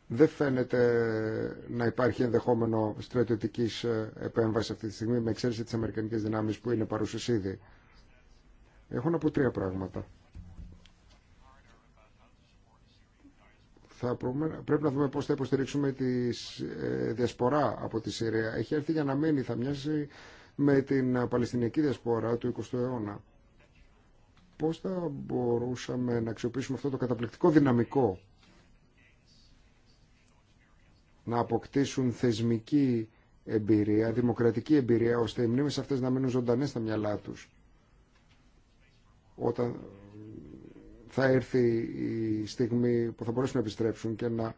Δεν φαίνεται να υπάρχει ενδεχόμενο στρατιωτική ε, επέμβαση αυτή τη στιγμή, με εξαίρεση τι Αμερικανικέ δυνάμει που είναι παρούσε Έχω να πω τρία πράγματα. θα πρέπει να δούμε πώς θα υποστηρίξουμε τη ε, διασπορά από τη Συρία. Έχει έρθει για να μείνει, θα μοιάζει με την Παλαιστινιακή διασπορά του 20ου αιώνα. Πώς θα μπορούσαμε να αξιοποιήσουμε αυτό το καταπληκτικό δυναμικό να αποκτήσουν θεσμική εμπειρία, δημοκρατική εμπειρία, ώστε οι μνήμες αυτές να μείνουν ζωντανές στα μυαλά τους όταν θα έρθει η στιγμή που θα μπορέσουν να επιστρέψουν και να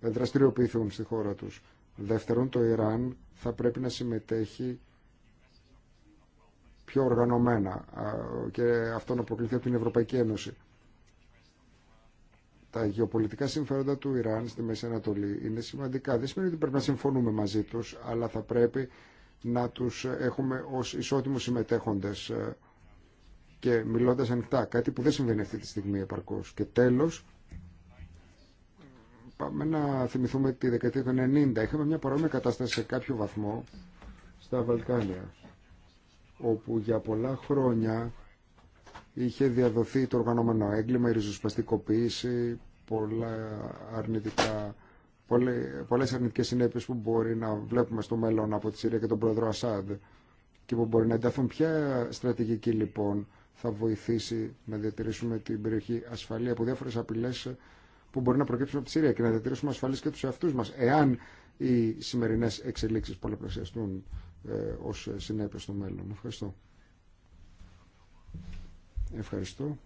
δραστηριοποιηθούν στη χώρα τους. Δεύτερον, το Ιράν θα πρέπει να συμμετέχει πιο οργανωμένα και αυτό να προκληθεί από την Ευρωπαϊκή Ένωση. Τα γεωπολιτικά συμφέροντα του Ιράν στη Μέση Ανατολή είναι σημαντικά. Δεν σημαίνει ότι πρέπει να συμφωνούμε μαζί τους, αλλά θα πρέπει να τους έχουμε ως ισότιμους συμμετέχοντες ε, και μιλώντας ανοιχτά, κάτι που δεν συμβαίνει αυτή τη στιγμή επαρκώς. Και τέλος, πάμε να θυμηθούμε τη δεκαετία των 90. Είχαμε μια παρόμοια κατάσταση σε κάποιο βαθμό στα Βαλκάνια, όπου για πολλά χρόνια είχε διαδοθεί το οργανωμένο έγκλημα, η ριζοσπαστικοποίηση, πολλά αρνητικά, πολλές αρνητικές συνέπειες που μπορεί να βλέπουμε στο μέλλον από τη Συρία και τον πρόεδρο Ασάντ και που μπορεί να ενταθούν. Ποια στρατηγική λοιπόν θα βοηθήσει να διατηρήσουμε την περιοχή ασφαλή από διάφορες απειλές που μπορεί να προκύψουν από τη Συρία και να διατηρήσουμε ασφαλείς και τους εαυτούς μας, εάν οι σημερινές εξελίξεις πολλαπλασιαστούν ε, ως συνέπεια στο μέλλον. Ευχαριστώ. Ευχαριστώ.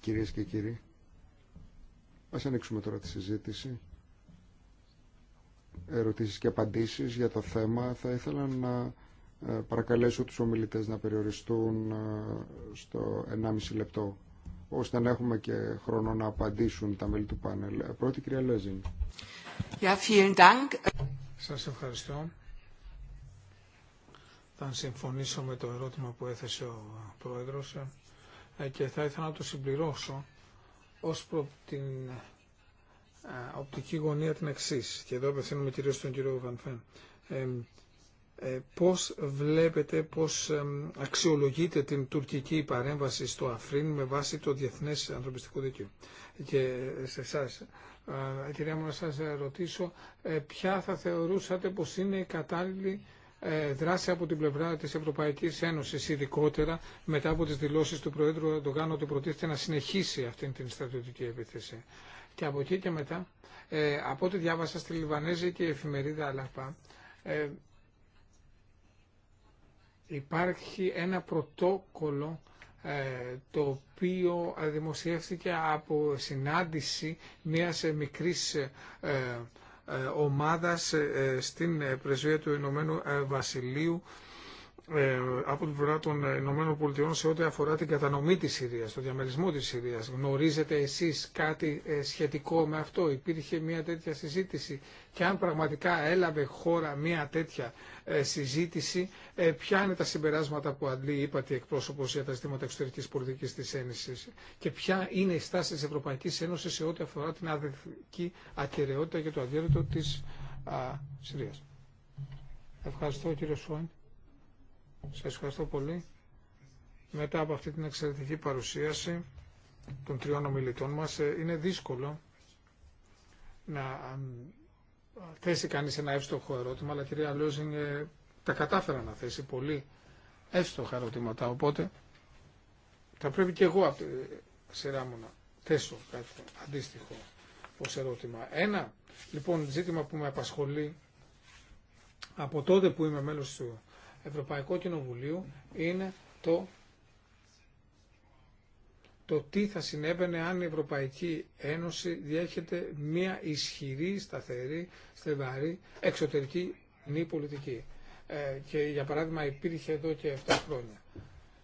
Κυρίες και κύριοι, ας ανοίξουμε τώρα τη συζήτηση. Ερωτήσεις και απαντήσεις για το θέμα. Θα ήθελα να ε, παρακαλέσω τους ομιλητές να περιοριστούν ε, στο 1,5 λεπτό ώστε να έχουμε και χρόνο να απαντήσουν τα μέλη του πάνελ. Ε, πρώτη κυρία Λέζιν. Ja, Σας ευχαριστώ. Θα συμφωνήσω με το ερώτημα που έθεσε ο Πρόεδρος και θα ήθελα να το συμπληρώσω ως προ την οπτική γωνία την εξή. Και εδώ απευθύνομαι κυρίως στον κύριο Βανφέν. Ε, πώς βλέπετε, πώς αξιολογείτε την τουρκική παρέμβαση στο Αφρίν με βάση το Διεθνές Ανθρωπιστικό Δίκαιο. Και σε εσά, ε, κυρία μου, να σας ρωτήσω ε, ποια θα θεωρούσατε πως είναι η κατάλληλη δράση από την πλευρά της Ευρωπαϊκής Ένωσης, ειδικότερα μετά από τις δηλώσεις του Προέδρου Ερντογάν ότι προτίθεται να συνεχίσει αυτή την στρατιωτική επίθεση. Και από εκεί και μετά, από ό,τι διάβασα στη Λιβανέζικη εφημερίδα Αλαπά, υπάρχει ένα πρωτόκολλο ε, το οποίο δημοσιεύθηκε από συνάντηση μιας μικρής ε, ε, ομάδας στην πρεσβεία του Ηνωμένου Βασιλείου ε, από την πλευρά των Ηνωμένων Πολιτειών σε ό,τι αφορά την κατανομή της Συρίας, το διαμερισμό της Συρίας. Γνωρίζετε εσείς κάτι ε, σχετικό με αυτό. Υπήρχε μια τέτοια συζήτηση και αν πραγματικά έλαβε χώρα μια τέτοια ε, συζήτηση, ποια είναι τα συμπεράσματα που αντλεί είπατε εκπρόσωπος για τα ζητήματα εξωτερικής πολιτικής της Ένωσης και ποια είναι η στάση της Ευρωπαϊκής Ένωσης σε ό,τι αφορά την αδερφική ακαιρεότητα και το αδιέρωτο της Συρία. Ευχαριστώ κύριε σας ευχαριστώ πολύ. Μετά από αυτή την εξαιρετική παρουσίαση των τριών ομιλητών μας, ε, είναι δύσκολο να θέσει κανείς ένα εύστοχο ερώτημα, αλλά κυρία Λόζινγκ ε, τα κατάφερα να θέσει πολύ εύστοχα ερωτήματα, οπότε θα πρέπει και εγώ από τη ε, σειρά μου να θέσω κάτι αντίστοιχο ως ερώτημα. Ένα λοιπόν ζήτημα που με απασχολεί από τότε που είμαι μέλος του Ευρωπαϊκό Κοινοβουλίου είναι το, το τι θα συνέβαινε αν η Ευρωπαϊκή Ένωση διέχεται μια ισχυρή, σταθερή, στεβαρή εξωτερική νη πολιτική. Ε, και για παράδειγμα υπήρχε εδώ και 7 χρόνια.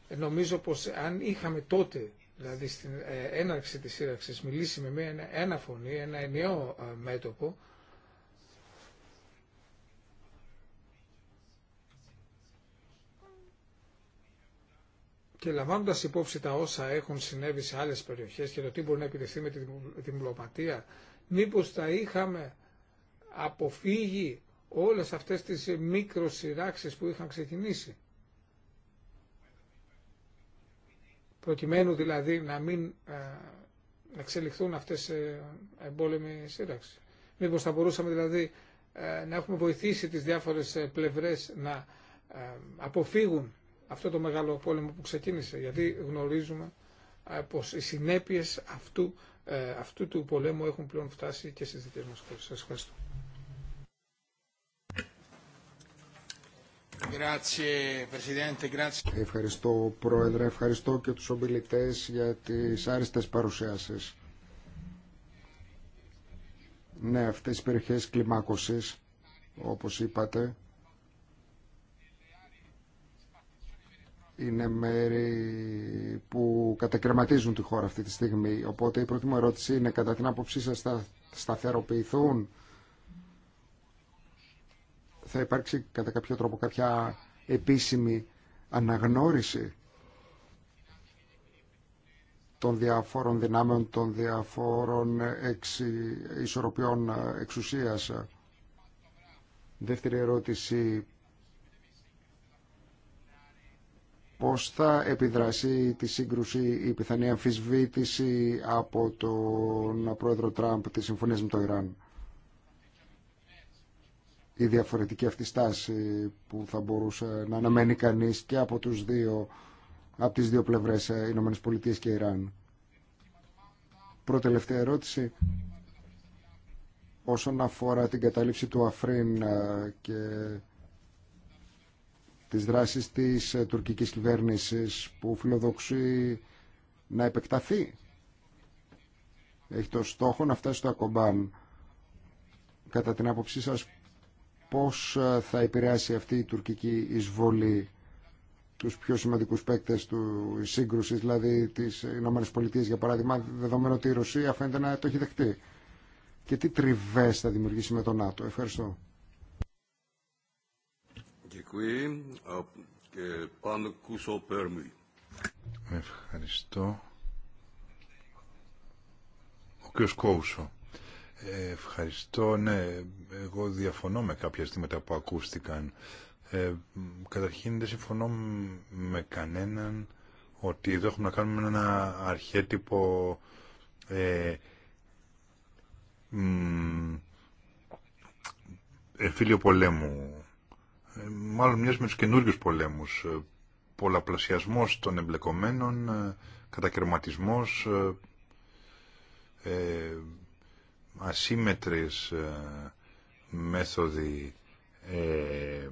Ε, νομίζω πως αν είχαμε τότε δηλαδή στην ε, έναρξη της σύραξης μιλήσει με ένα, ένα φωνή, ένα ενιαίο μέτωπο, και λαμβάνοντας υπόψη τα όσα έχουν συνέβη σε άλλες περιοχές και το τι μπορεί να επιτευχθεί με τη διπλωματία, μήπως θα είχαμε αποφύγει όλες αυτές τις μικροσυράξεις που είχαν ξεκινήσει. Προκειμένου δηλαδή να μην ε, εξελιχθούν αυτές οι ε, εμπόλεμη σύραξη. Μήπως θα μπορούσαμε δηλαδή ε, να έχουμε βοηθήσει τις διάφορες πλευρές να αποφύγουν αυτό το μεγάλο πόλεμο που ξεκίνησε. Γιατί γνωρίζουμε ε, πως οι συνέπειες αυτού, ε, αυτού του πολέμου έχουν πλέον φτάσει και στις δικές μας χώρες. Σας ευχαριστώ. Ευχαριστώ Πρόεδρε, ευχαριστώ και τους ομιλητές για τις άριστες παρουσιάσεις. Ναι, αυτές οι περιοχές κλιμάκωσης, όπως είπατε, είναι μέρη που κατακρεματίζουν τη χώρα αυτή τη στιγμή. Οπότε η πρώτη μου ερώτηση είναι κατά την άποψή σας θα σταθεροποιηθούν θα υπάρξει κατά κάποιο τρόπο κάποια επίσημη αναγνώριση των διαφόρων δυνάμεων, των διαφόρων εξι... ισορροπιών ε, εξουσίας. Δεύτερη ερώτηση, πώς θα επιδράσει τη σύγκρουση, η πιθανή αμφισβήτηση από τον πρόεδρο Τραμπ της συμφωνίας με το Ιράν. Η διαφορετική αυτή στάση που θα μπορούσε να αναμένει κανείς και από, τους δύο, από τις δύο πλευρές ε, Ηνωμένες Πολιτείες και Ιράν. Προτελευταία ερώτηση όσον αφορά την κατάληψη του Αφρίν ε, και τις δράσεις της ε, τουρκικής κυβέρνησης που φιλοδοξεί να επεκταθεί. Έχει το στόχο να φτάσει στο Ακομπάν. Κατά την άποψή σας, πώς ε, θα επηρεάσει αυτή η τουρκική εισβολή τους πιο σημαντικούς παίκτες του σύγκρουσης, δηλαδή τις Ηνωμένες Πολιτείες για παράδειγμα, δεδομένου ότι η Ρωσία φαίνεται να το έχει δεχτεί. Και τι τριβές θα δημιουργήσει με τον ΝΑΤΟ. Ευχαριστώ. Ευχαριστώ. Ο κ. Κόουσο. Ευχαριστώ. Ναι, εγώ διαφωνώ με κάποια ζητήματα που ακούστηκαν. Ε, καταρχήν δεν συμφωνώ με κανέναν ότι εδώ έχουμε να κάνουμε ένα αρχέτυπο ε, εμφύλιο πολέμου ε, μάλλον μοιάζει με τους καινούριου πολέμους. Ε, πολλαπλασιασμός των εμπλεκομένων, ε, κατακαιρματισμός, ε, ασύμετρες μέθοδοι ε,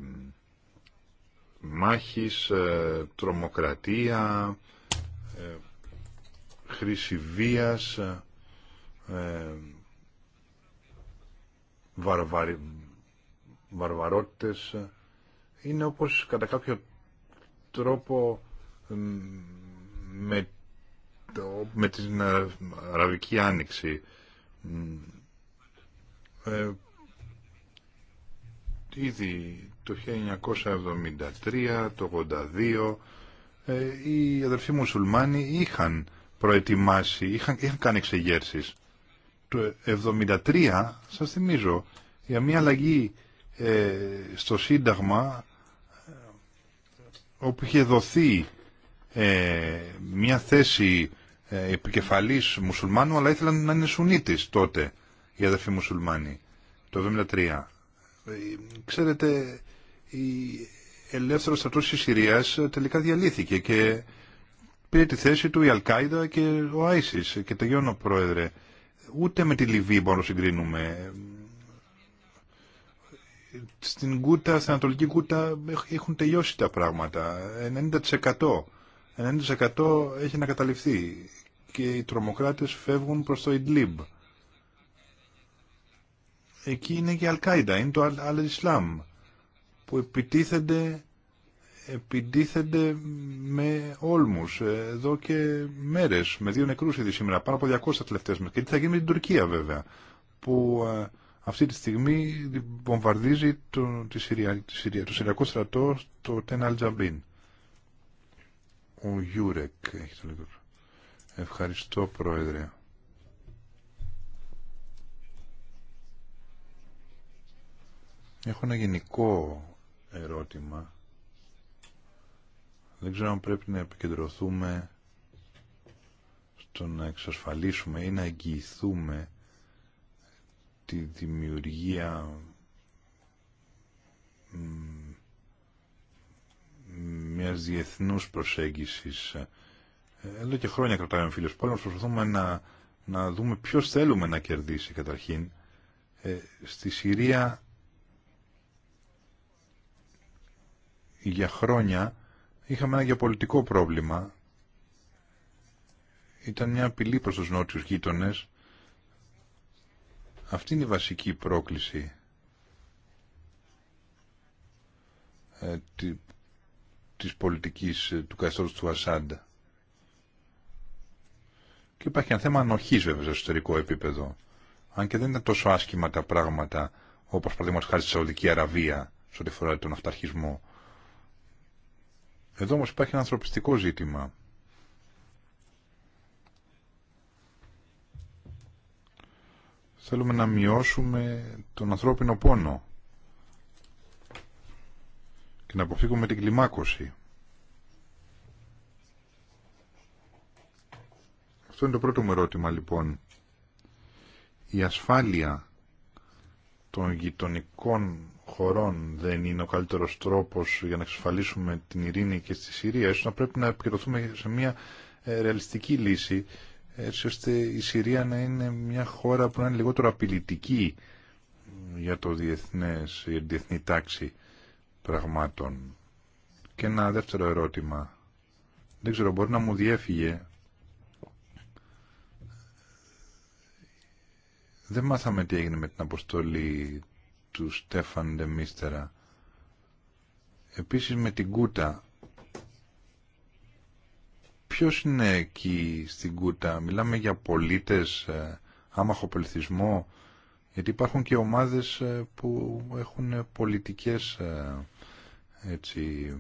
μάχης, τρομοκρατία, ε, χρήση βίας, βαρβαρότητες είναι όπως κατά κάποιο τρόπο με, το, με την ε, Αραβική Άνοιξη. Ε, ήδη το 1973, το 82, ε, οι αδερφοί μουσουλμάνοι είχαν προετοιμάσει, είχαν, είχαν κάνει εξεγέρσεις. Το 73, σας θυμίζω, για μια αλλαγή ε, στο Σύνταγμα όπου είχε δοθεί ε, μια θέση ε, επικεφαλής μουσουλμάνου αλλά ήθελαν να είναι Σουνίτης τότε οι αδερφοί μουσουλμάνοι το 1973. Ε, ξέρετε, η ελεύθερος στρατός της Συρίας τελικά διαλύθηκε και πήρε τη θέση του η Αλκάιδα και ο Άισις και τελειώνω πρόεδρε. Ούτε με τη Λιβύη μπορούμε να συγκρίνουμε στην Κούτα, στην Ανατολική Κούτα έχουν τελειώσει τα πράγματα. 90%. 90% έχει καταληφθεί. και οι τρομοκράτες φεύγουν προς το Ιντλίμπ. Εκεί είναι και η Αλκάιντα, είναι το Αλ-Ισλάμ που επιτίθενται, επιτίθενται με όλμους εδώ και μέρες, με δύο νεκρούς ήδη σήμερα, πάνω από 200 τελευταίες μέρες. Και τι θα γίνει με την Τουρκία βέβαια, που ε, αυτή τη στιγμή βομβαρδίζει το, τη Συρία, Συρία, το Συριακό στρατό το Τεν Αλτζαμπίν. Ο Γιούρεκ έχει το Ευχαριστώ Πρόεδρε. Έχω ένα γενικό ερώτημα. Δεν ξέρω αν πρέπει να επικεντρωθούμε στο να εξασφαλίσουμε ή να εγγυηθούμε τη δημιουργία μιας διεθνούς προσέγγισης. Εδώ και χρόνια κρατάμε φίλος πόλεμος, προσπαθούμε να, να δούμε ποιος θέλουμε να κερδίσει καταρχήν. Ε, στη Συρία για χρόνια είχαμε ένα γεωπολιτικό πρόβλημα. Ήταν μια απειλή προς τους νότιους γείτονες αυτή είναι η βασική πρόκληση ε, τη, της πολιτικής ε, του καθόλου του Ασάντα. Και υπάρχει ένα θέμα ανοχής βέβαια στο εσωτερικό επίπεδο. Αν και δεν είναι τόσο άσχημα τα πράγματα όπως παραδείγματος χάρη στη Σαουδική Αραβία σε ό,τι φορά τον αυταρχισμό. Εδώ όμως υπάρχει ένα ανθρωπιστικό ζήτημα. Θέλουμε να μειώσουμε τον ανθρώπινο πόνο και να αποφύγουμε την κλιμάκωση. Αυτό είναι το πρώτο μου ερώτημα λοιπόν. Η ασφάλεια των γειτονικών χωρών δεν είναι ο καλύτερος τρόπος για να εξασφαλίσουμε την ειρήνη και στη Συρία. Ίσως να πρέπει να επικεντρωθούμε σε μια ε, ρεαλιστική λύση έτσι ώστε η Συρία να είναι μια χώρα που να είναι λιγότερο απειλητική για το διεθνές, την διεθνή τάξη πραγμάτων. Και ένα δεύτερο ερώτημα. Δεν ξέρω, μπορεί να μου διέφυγε. Δεν μάθαμε τι έγινε με την αποστολή του Στέφαν Ντεμίστερα. Επίσης με την Κούτα Ποιος είναι εκεί στην Κούτα, μιλάμε για πολίτες, ε, άμαχο πληθυσμό, γιατί υπάρχουν και ομάδες ε, που έχουν πολιτικές ε, έτσι,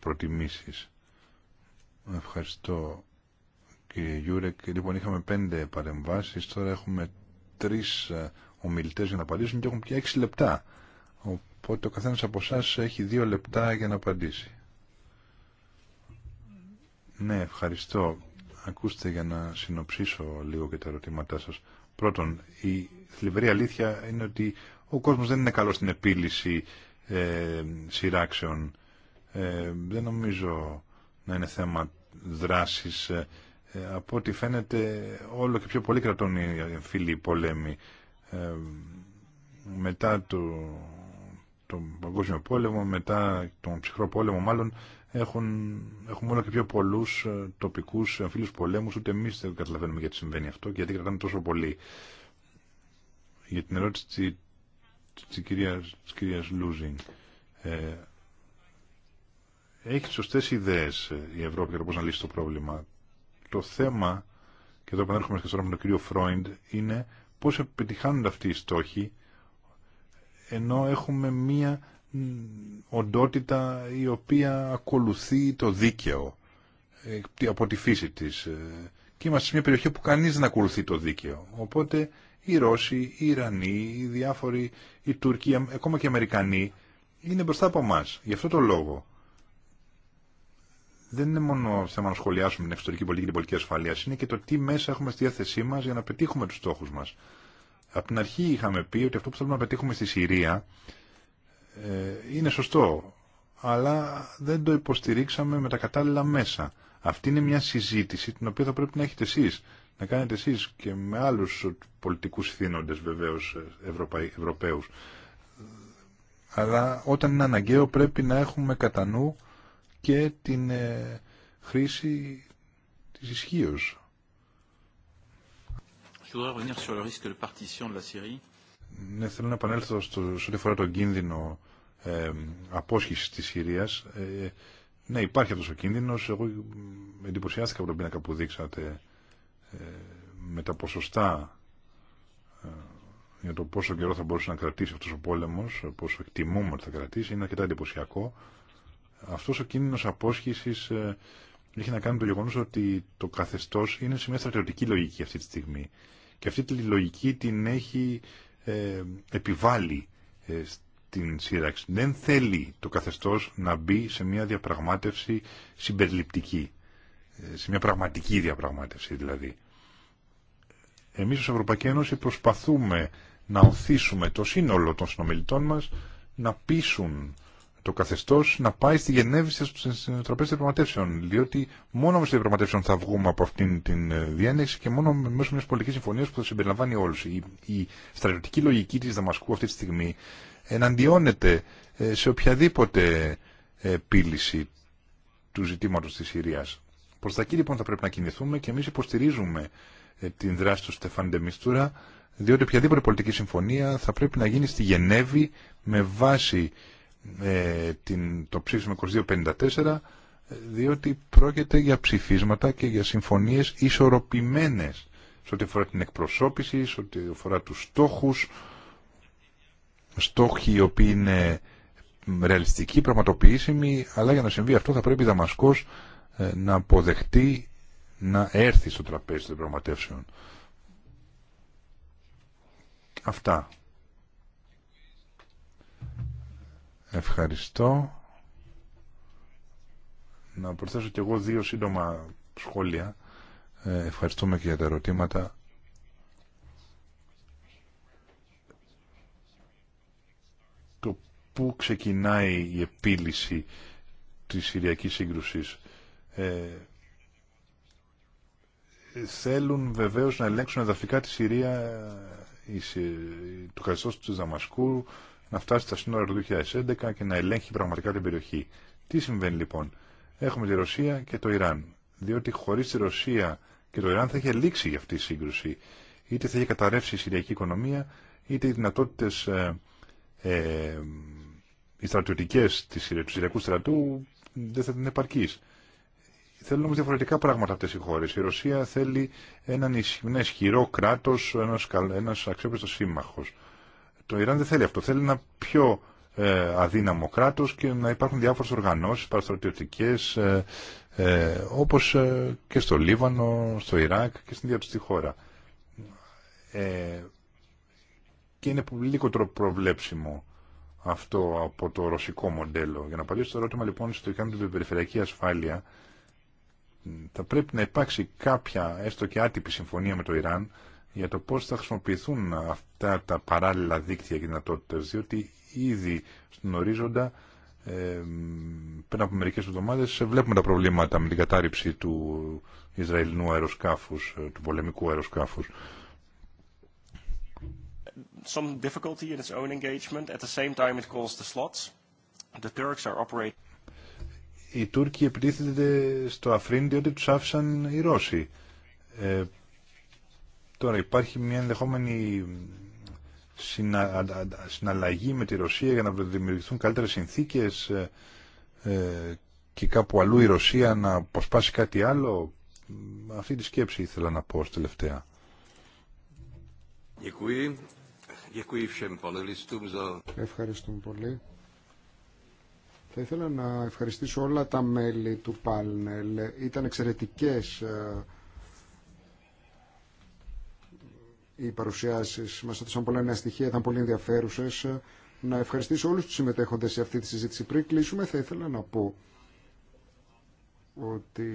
προτιμήσεις. Ευχαριστώ κύριε Γιούρεκ. Λοιπόν, είχαμε πέντε παρεμβάσεις, τώρα έχουμε τρεις ομιλητές για να απαντήσουν και έχουν πια έξι λεπτά. Οπότε ο καθένας από εσά έχει δύο λεπτά για να απαντήσει. Ναι, ευχαριστώ. Ακούστε για να συνοψίσω λίγο και τα ερωτήματά σας. Πρώτον, η θλιβερή αλήθεια είναι ότι ο κόσμος δεν είναι καλός στην επίλυση ε, σειράξεων. Ε, δεν νομίζω να είναι θέμα δράσης. Ε, από ό,τι φαίνεται όλο και πιο πολύ κρατώνει οι φίλοι πολέμοι. μετά το, τον Παγκόσμιο Πόλεμο, μετά τον Ψυχρό Πόλεμο μάλλον, έχουν, έχουμε όλο και πιο πολλούς ε, τοπικού ε, φίλους πολέμου ούτε εμεί δεν καταλαβαίνουμε γιατί συμβαίνει αυτό και γιατί κρατάνε τόσο πολύ. Για την ερώτηση τη κύρια κυρίας, Λούζινγκ, ε, έχει σωστέ ιδέε ε, η Ευρώπη για το πώς να λύσει το πρόβλημα. Το θέμα, και εδώ επανέρχομαι και με τον κύριο Φρόιντ, είναι πώ επιτυχάνονται αυτοί οι στόχοι, ενώ έχουμε μία οντότητα η οποία ακολουθεί το δίκαιο ε, από τη φύση της. Ε, και είμαστε σε μια περιοχή που κανείς δεν ακολουθεί το δίκαιο. Οπότε οι Ρώσοι, οι Ιρανοί, οι διάφοροι, οι Τούρκοι, ακόμα και οι Αμερικανοί είναι μπροστά από εμά. Γι' αυτό το λόγο δεν είναι μόνο θέμα να σχολιάσουμε την εξωτερική πολιτική και την πολιτική ασφαλεία, είναι και το τι μέσα έχουμε στη διάθεσή μα για να πετύχουμε του στόχου μα. Από την αρχή είχαμε πει ότι αυτό που θέλουμε να πετύχουμε στη Συρία ε, είναι σωστό, αλλά δεν το υποστηρίξαμε με τα κατάλληλα μέσα. Αυτή είναι μια συζήτηση την οποία θα πρέπει να έχετε εσείς, να κάνετε εσείς και με άλλους πολιτικούς θύνοντες βεβαίως Ευρωπαϊ, Ευρωπαίους. Αλλά όταν είναι αναγκαίο πρέπει να έχουμε κατά νου και την ε, χρήση της ισχύω. revenir sur le risque de partition de la ναι, θέλω να επανέλθω στο, σε ό,τι αφορά τον κίνδυνο ε, απόσχησης της Συρίας. Ε, ναι, υπάρχει αυτό ο κίνδυνο. Εγώ εντυπωσιάστηκα από τον πίνακα που δείξατε ε, με τα ποσοστά ε, για το πόσο καιρό θα μπορούσε να κρατήσει αυτό ο πόλεμο, πόσο εκτιμούμε ότι θα κρατήσει, είναι αρκετά εντυπωσιακό. Αυτό ο κίνδυνο απόσχηση ε, έχει να κάνει με το γεγονό ότι το καθεστώ είναι σε μια στρατιωτική λογική αυτή τη στιγμή. Και αυτή τη λογική την έχει ε, επιβάλλει ε, την σύραξη. Δεν θέλει το καθεστώς να μπει σε μια διαπραγμάτευση συμπεριληπτική. Ε, σε μια πραγματική διαπραγμάτευση δηλαδή. Εμείς ως Ευρωπαϊκή Ένωση προσπαθούμε να οθήσουμε το σύνολο των συνομιλητών μας να πείσουν το καθεστώ να πάει στη Γενέβη στις των διαπραγματεύσεων. Διότι μόνο με διαπραγματεύσεων θα βγούμε από αυτήν την ε, διένεξη και μόνο μέσω μια πολιτική συμφωνία που θα συμπεριλαμβάνει όλου. Η, η στρατιωτική λογική τη Δαμασκού αυτή τη στιγμή εναντιώνεται ε, σε οποιαδήποτε επίλυση του ζητήματο τη Συρίας. Προ τα εκεί λοιπόν θα πρέπει να κινηθούμε και εμεί υποστηρίζουμε ε, την δράση του Στεφάν Ντεμιστούρα διότι οποιαδήποτε πολιτική συμφωνία θα πρέπει να γίνει στη Γενέβη με βάση ε, την, το ψήφισμα 2254 διότι πρόκειται για ψηφίσματα και για συμφωνίες ισορροπημένες σε ό,τι αφορά την εκπροσώπηση, σε ό,τι αφορά τους στόχους, στόχοι οι οποίοι είναι ρεαλιστικοί, πραγματοποιήσιμοι, αλλά για να συμβεί αυτό θα πρέπει η Δαμασκός ε, να αποδεχτεί να έρθει στο τραπέζι των πραγματεύσεων. Αυτά. Ευχαριστώ. Να προσθέσω κι εγώ δύο σύντομα σχόλια. Ε, ευχαριστούμε και για τα ερωτήματα. Το πού ξεκινάει η επίλυση της Συριακής σύγκρουσης. Ε, θέλουν βεβαίως να ελέγξουν εδαφικά τη Συρία ε, του καθεστώς του Δαμασκού να φτάσει στα σύνορα του 2011 και να ελέγχει πραγματικά την περιοχή. Τι συμβαίνει λοιπόν. Έχουμε τη Ρωσία και το Ιράν. Διότι χωρί τη Ρωσία και το Ιράν θα είχε λήξει για αυτή η σύγκρουση. Είτε θα είχε καταρρεύσει η Συριακή οικονομία, είτε οι δυνατότητε ε, ε, οι στρατιωτικέ του Συριακού στρατού δεν θα ήταν επαρκεί. Θέλουν όμω διαφορετικά πράγματα αυτέ οι χώρε. Η Ρωσία θέλει έναν, ισχυρό κράτο, ένα αξιόπιστο σύμμαχο. Το Ιράν δεν θέλει αυτό. Θέλει ένα πιο ε, αδύναμο κράτος και να υπάρχουν διάφορες οργανώσεις παραστρατιωτικέ, ε, ε, όπως ε, και στο Λίβανο, στο Ιράκ και στην ίδια χώρα. και είναι πολύ προβλέψιμο αυτό από το ρωσικό μοντέλο. Για να απαντήσω το ερώτημα λοιπόν στο Ιράν την περιφερειακή ασφάλεια θα πρέπει να υπάρξει κάποια έστω και άτυπη συμφωνία με το Ιράν για το πώς θα χρησιμοποιηθούν αυτά τα παράλληλα δίκτυα και δυνατότητε, διότι ήδη στον ορίζοντα ε, πριν από μερικές εβδομάδες βλέπουμε τα προβλήματα με την κατάρριψη του Ισραηλινού αεροσκάφους, ε, του πολεμικού αεροσκάφους. Οι Τούρκοι επιτίθενται στο Αφρίν διότι τους άφησαν οι Ρώσοι. Ε, Τώρα υπάρχει μια ενδεχόμενη συνα... συναλλαγή με τη Ρωσία για να δημιουργηθούν καλύτερες συνθήκες ε, ε, και κάπου αλλού η Ρωσία να προσπάσει κάτι άλλο. Αυτή τη σκέψη ήθελα να πω τελευταία. Ευχαριστούμε πολύ. Θα ήθελα να ευχαριστήσω όλα τα μέλη του πάνελ. Ήταν εξαιρετικές ε, οι παρουσιάσει μας έδωσαν πολλά νέα στοιχεία, ήταν πολύ ενδιαφέρουσε. Να ευχαριστήσω όλους τους συμμετέχοντες σε αυτή τη συζήτηση. Πριν κλείσουμε θα ήθελα να πω ότι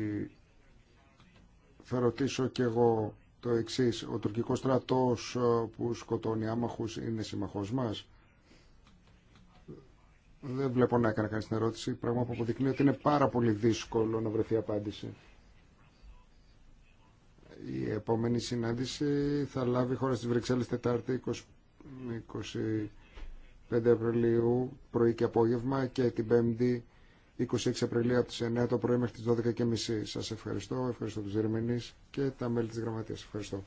θα ρωτήσω κι εγώ το εξή. Ο τουρκικό στρατός ε, που σκοτώνει άμαχους είναι σύμμαχό μας. Δεν βλέπω να έκανε κανεί την ερώτηση, πράγμα που αποδεικνύει ότι είναι πάρα πολύ δύσκολο να βρεθεί απάντηση. Η επόμενη συνάντηση θα λάβει χώρα στις Βρυξέλλες Τετάρτη 20, 25 Απριλίου πρωί και απόγευμα και την Πέμπτη 26 Απριλίου από τις 9 το πρωί μέχρι τις 12.30. Σας ευχαριστώ, ευχαριστώ τους Ερμηνείς και τα μέλη της Γραμματείας. Ευχαριστώ.